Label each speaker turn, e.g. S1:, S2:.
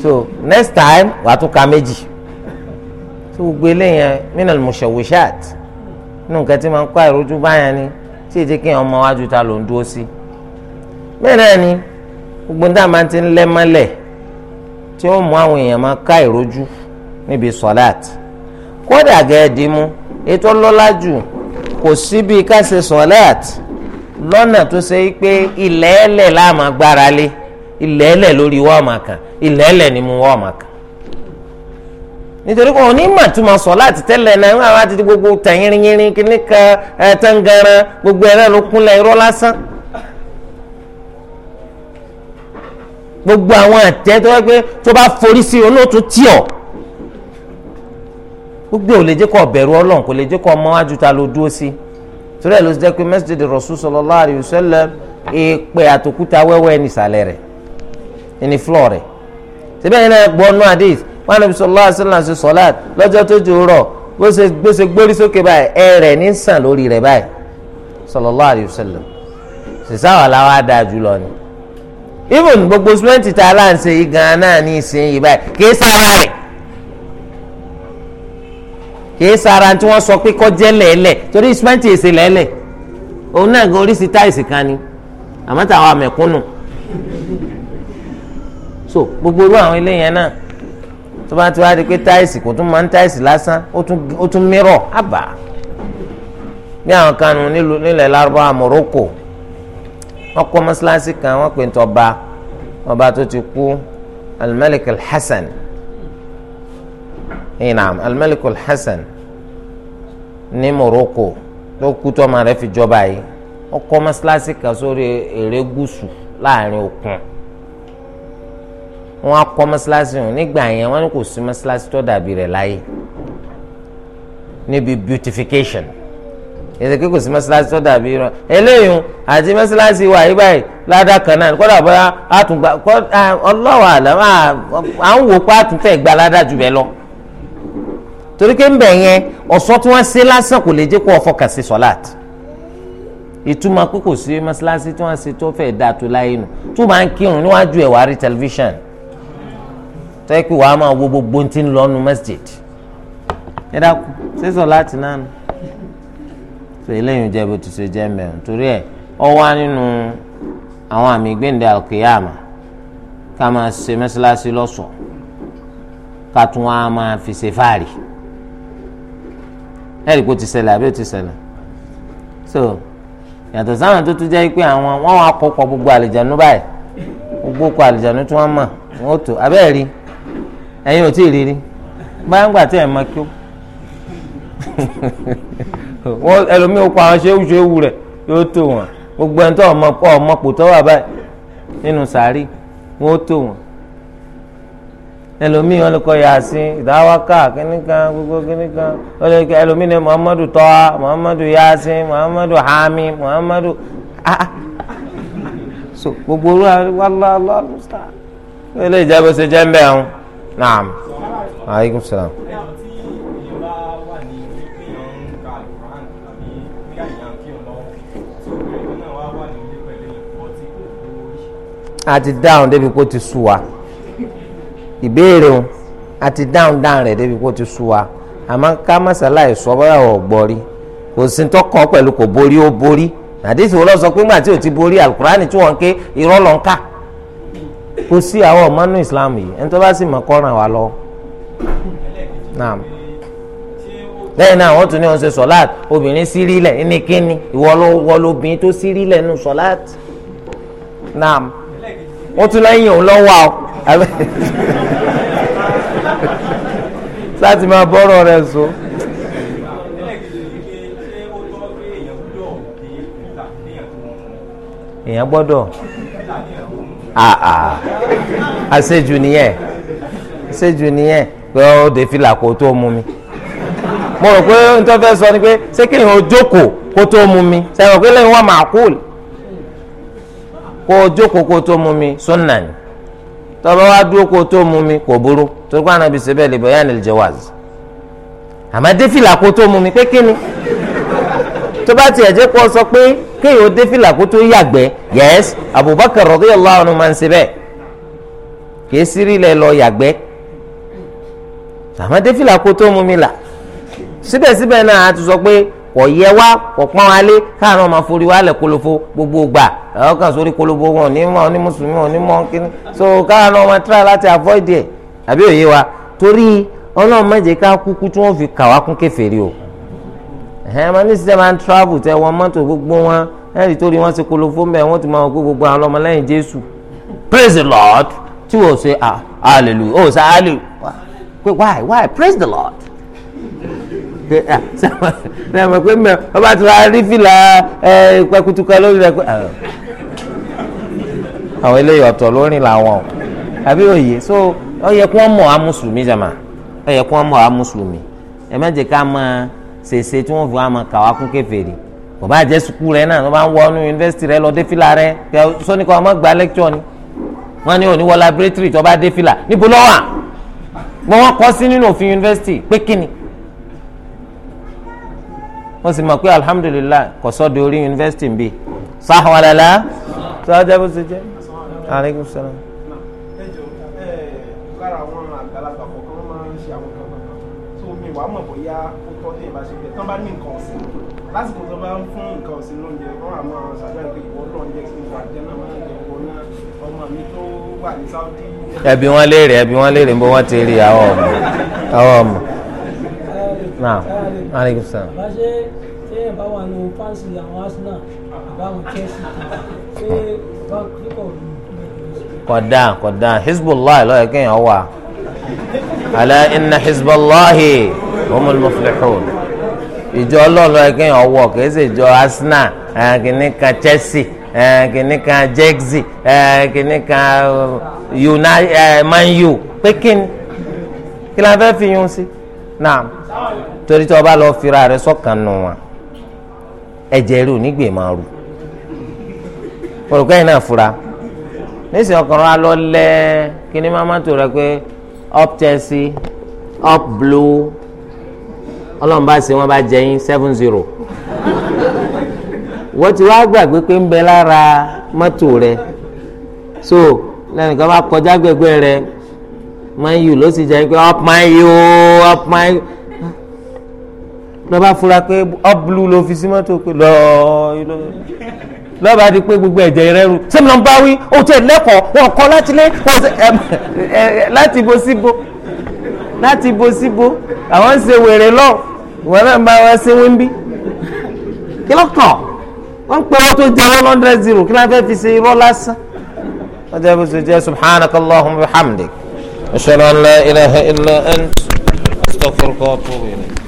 S1: so next time wàá tún ka méjì tó gbogbo eléyẹn minal mushawishat nínú nǹkan tí máa ń kó àìrójú báyẹn ni tí èdè kí ọmọ wájú ta ló ń dúró sí bẹ́ẹ̀ ni gbogbo níta máa ti ń lẹ́ mọ́lẹ̀ tí ó mú àwọn èèyàn máa ká ìrójú níbi sọ́láàt kódà gẹ́ẹ́dì mú ètò lọ́lá jù kò síbi ká ṣe sọ́láàt lọ́nà tó ṣe pé ilẹ̀ ẹlẹ̀ láàmú agbára lé ilẹ̀ ẹlẹ̀ lórí wọ́ọ̀mà kan ilẹ̀ ẹlẹ̀ ni mu wọ́ọ̀mà kan nítorí pé òní mà tún ma sọ láti tẹ́lẹ̀ náà wọ́n á ti gbogbo tẹ̀yìnrìnyìnrìn kíní kan ẹ̀ tẹ́ǹgàrán gbogbo ẹ̀rẹ́ ló kúnlẹ̀ irọ́ lásán. gbogbo àwọn àtẹ tó wá pé tó bá forí sí olóòtú tí ọ gbogbo ò lè jẹ́ kó bẹ̀rù ọlọ́run kò lè jẹ́ kó mọ wájú ta ló dúró sí torí ẹ̀ ló ti jẹ́ pé masjid Rasul sallallahu alaihi èèpẹ̀ àtòkúta wẹ́wẹ́ nìsàlẹ̀ rẹ̀ ní fúlọ̀ rẹ̀ síbẹ̀ yìí náà gbọ́ nù hadith wọn àná bisọ lọ́wọ́ àṣìlá ṣe sọ́láàt lọ́jọ́ tó ju rọ̀ bó ṣe gbórí sókè báyìí ẹ rẹ̀ ní sàn lórí rẹ̀ báyìí sallallahu alayhi wa sallam sísáwà làwọn adá jùlọ ni even gbogbo sumẹ́ntì tá a lá ń ṣe yìí gan-an náà ní ìsìn yìí báyìí kìí sára rẹ̀ kìí sára tí wọ́n sọ pé kọjẹ́ lẹ́ẹ̀lẹ̀ torí sumẹ́ntì èsè lẹ́ẹ̀lẹ̀ òun náà gan oríṣi táìsì kan ni àmọ́ táwọn amẹ̀kúnnù so gbogbo irú àwọn eléyẹn náà tó bá ti wá di pé táìsì kò tún máa ń táìsì lásán ó tún mírọ̀ àbá bí àwọn kanu nílẹ̀ lárúbáwá Morocco wọ́n kọ́ mọ́ṣáláṣí kan wọ́n pè ń tọ́ba ọba tó ti kú Al-Malik Al-Hassan ìnàm Al-Malik hassan ní Morocco tó kú tọ́mọ rẹ̀ fi jọba yìí wọ́n kọ́ mọ́ṣáláṣí kan sórí eré gúúsù láàrin òkun wọ́n á kọ́ mọ́ṣáláṣí hàn nígbà yẹn wọ́n kò sí mọ́ṣáláṣí tó dàbí rẹ̀ láyé níbi beautification èdè kí kò sí mọ́ṣáláṣí tó dàbí rẹ̀ eléyìí àti mọ́ṣáláṣí wà yí báyìí ládàá kan náà kọ́dà bóyá àtúngbà ọlọ́wà àlámà à ń wò pé àtúntẹ̀ gba ládàá jù bẹ́ẹ̀ lọ torí pé ń bẹ̀ yẹn ọ̀ṣọ́ tí wọ́n ṣe lásán kò lè jẹ́ kó ọfọkàn sí sọ́láàtì ìtumọ̀ pé kò sí tí wọ́n ṣe tó fẹ́ dáa láyé nù tó máa ń kírun níwájú ẹ̀wà rí tẹlifíṣàn tẹ́ pé wàá máa wo gbogbo tí ń lọ nu masjid ẹ dákun sísọ láti náà nù tó eléyìí jẹ́ bó ti ṣe jẹ́ mẹ́rin torí ẹ̀ ọ wá nínú àwọn àmì gbẹ̀ǹdẹ̀ àkèyàmà ká máa ṣe mẹ́sàlásí lọ́ṣọ̀ọ́ ká tún wá máa fi ṣe fáàrí ẹ̀rí kò ti ṣẹlẹ̀ àbí ó ti ṣẹlẹ̀ so yàtọ̀ sáwọn tó tún jẹ́ pé àwọn wọ́n wá kọ́kọ́ gbogbo àlìjánu báyìí gbogbo kọ àlìjánu tí wọ́n mọ̀ wọ́n tó abẹ́ẹ̀ rí i. ẹ̀yin ò tí ì rírí báyọ̀ ńgbà tí ẹ̀ máa kí ó wọ́n ẹlòmíì ó pa àwọn rẹ̀ yóò tó wọn gbogbo ẹni tó ọmọ ọmọ pò tọ́wọ́ báyìí nínú sàárì wọ́n tó wọn wọn kínníkan gbogbo kínníkan wọn lè kọ ẹlòmíì muhammadu muhammadu muhammadu hami muhammadu ah, ah. so gbogbo olúwa wàllu naam aleykum salaam. a ti dáhùn débi kó ti sú wa ìbéèrè o a ti dáhùn dáhùn rẹ̀ débi kó ti sú wa àmọ́ ká mọ́sálà ìsọ bóyá ò gbọ́rí kò sí tọkàn pẹ̀lú kò borí ó borí àdéhùn lọ sọ pé ńgbà tí o ti borí alukurani tí wọ́n ń ké irọ́ lọ́n kò sí àwọn ọ̀mánú islam yìí ẹni tó bá sì mọ̀ kọ́ ràn wá lọ. lẹ́yìn náà wọ́n tún ní wọ́n ṣe sọ́láàt obìnrin sírí lẹ̀ ní kíni ìwọ lóbìnrin tó sírí lẹ̀ nù sọ́láàt. wọ́n tún lẹ́yìn òun lọ́wọ́ ọ. láti máa bọ́rọ̀ rẹ̀ so. èèyàn gbọ́dọ̀ àṣejù ah, ah. nìyẹn àṣejù nìyẹn pé ó de fìlà kó tó mú mi mo rò pé n tó fẹ́ sọ ni pé ṣé kí èèyàn jókòó kó tó mú mi sẹ́wọ̀n pé lẹ́yìn wọn máa kúl kó jókòó kó tó mú mi sunna ni tọ́ba wá dúró kó tó mú mi kò burú torí pé Ànábì ṣe bẹ́ẹ̀ lè bọ̀ yánil jawaz àmọ́ dé fìlà kó tó mú mi pé kí ni tó bá tiẹ̀ jẹ́ kó sọ pé kéèyàn dé fìlà kó tó yàgbẹ́ yẹ́s Abubakar radiyallahu anhu máa ń ṣe bẹ́ẹ̀ kìí sírí lẹ lọ yàgbẹ́ àmọ́ dé fìlà kó tó mú mi là síbẹ̀síbẹ̀ náà a ti sọ pé kò yẹ wá kò pọ́n wa lé káàánú ọmọ forí wa lẹ̀ kolofo gbogbo gbà àwọn kan sórí kolobo wọn ní mọ ní mùsùlùmí wọn ní mọ kíní so káàánú ọmọ tíra láti avoid ẹ̀ àbí òye wa torí ọlọ́run má jẹ́ ká kúkú tí wọ́n fi kà wá kún kèfèrí o ẹ̀hẹ́n máa ní sísẹ́ máa ń travel tẹ wọn mọ́tò gbogbo wọn ẹ̀rì tó rí wọn ṣe polówó mẹ́ẹ̀ wọ́n ti máa gbé gbogbo àwọn ọmọlẹ́yìn Jésù praise the Lord tí wọ́n ṣe ah, hallelujah ó oh, ṣe hallelujah why why praise the Lord ẹ mọ̀ pé mẹ́ẹ̀ ọba tí wàá rí fìlà ẹ pẹkutukọ lórí rẹ pé ah. àwọn eléyìí ọ̀tọ̀ lórí làwọn o àbí òye so ó yẹ kí wọ́n mọ̀ á mùsùlùmí jàmà ó yẹ kí wọ́n mọ̀ á mùsùlùmí ẹ má jẹ́ ká máa ṣèṣe tí wọ́n fi wá máa kà wá kún kèfèrí kò bá jẹ́ sukú rẹ náà wọ́n bá ń wọnú yunifásitì rẹ lọ dé fìlà rẹ sọ́ni kan ọmọ gba lẹ́kítọ̀ ni wọ́n ní òní wọ laboratory tó bá dé fìlà níbo lọ́wọ́ wọ́n wọ́n kọ́ sí nínú òfin yunifásitì pé kíni wọ́n sì mọ̀ pé alhamdulilayi kò sọ́dọ̀ orí yunifásitì ń bì sáhùnwalala sọ́jà bó ṣe jẹ́ aleykum salaam. lára àwọn àgbàlagbà kọ̀ọ̀kan máa ń ṣe àwọn kan kan tó mi wàá mọ̀ bóyá nǹkan tẹ̀ bá ṣe bẹ̀ tán bá ní nǹkan ọ̀sìn lásìkò tó bá ń fún nǹkan ọ̀sìn lóúnjẹ wọ́n àmọ́ ṣàdúrà pé ìwọ náà jẹ́ kí n wà jẹ́ náà máa ń jẹ ìwọ náà ọmọ mi tó wà ní Saudi. ẹbí wọn léèrè ẹbí wọn léèrè bó wọn ti rí àwọn ọmọ àwọn ọmọ náà aleykum salaam. bá ṣe ṣé ẹ bá wà ní fáǹsì àwọn Arsenal àbáwọn Chelsea ṣé bá kíkọ̀ kódà kódà Hizbullah lọ́yẹ̀ kéèyàn wà ala inna Hizbullah. هم المفلحون. ìjọ ọlọ́run ẹ̀kẹ́ ọwọ́ kìí ṣe ìjọ Arsenal kìíní kan Chelsea kìíní kan Jexi kìíní kan uh, Man U pé kíni kí la fẹ́ fi yún sí náà torí tí wọ́n bá lọ fira rẹ sọ́kàn nù wọn ẹ̀jẹ̀ rú nígbè e máa rú olùkọ́ yìí náà fura nísìnyí ọkùnrin wa lọ lẹ́ kíní máma rẹ pé up Chelsea up blue ọlọ́run bá ṣe wọ́n bá jẹ yín seven zero wọ́n ti wá gbàgbé pé ń bẹ lára mọ́tò rẹ so lẹ́nìkan bá kọjá gbẹgbẹ́ rẹ máa ń yù ló sì jẹ́ pé up my yo up my lọ́ba fura pé up blue ló fi sí mọ́tò pé lọ́ọ́ lọ́ba di pé gbogbo ẹ̀jẹ̀ rẹ rú sẹ́mi lọ́n bá wí ó tẹ̀ lẹ́kọ̀ọ́ wọn kọ́ láti lé láti bo síbo láti bo síbo àwọn ń ṣe wèrè lọ́ọ̀. ìwọ́nàmbá wa ṣe wíńbí kí ló kàn wọ́n ń pẹ́ wọ́n tó jẹ́ one hundred zero kí ló fẹ́ fi ṣe irọ́ lásán wọ́n jẹ́ bó ṣe jẹ́ subhanaka allahumma wa bihamdik ashhadu an la ilaha illa ant astaghfiruka wa atubu ilayk.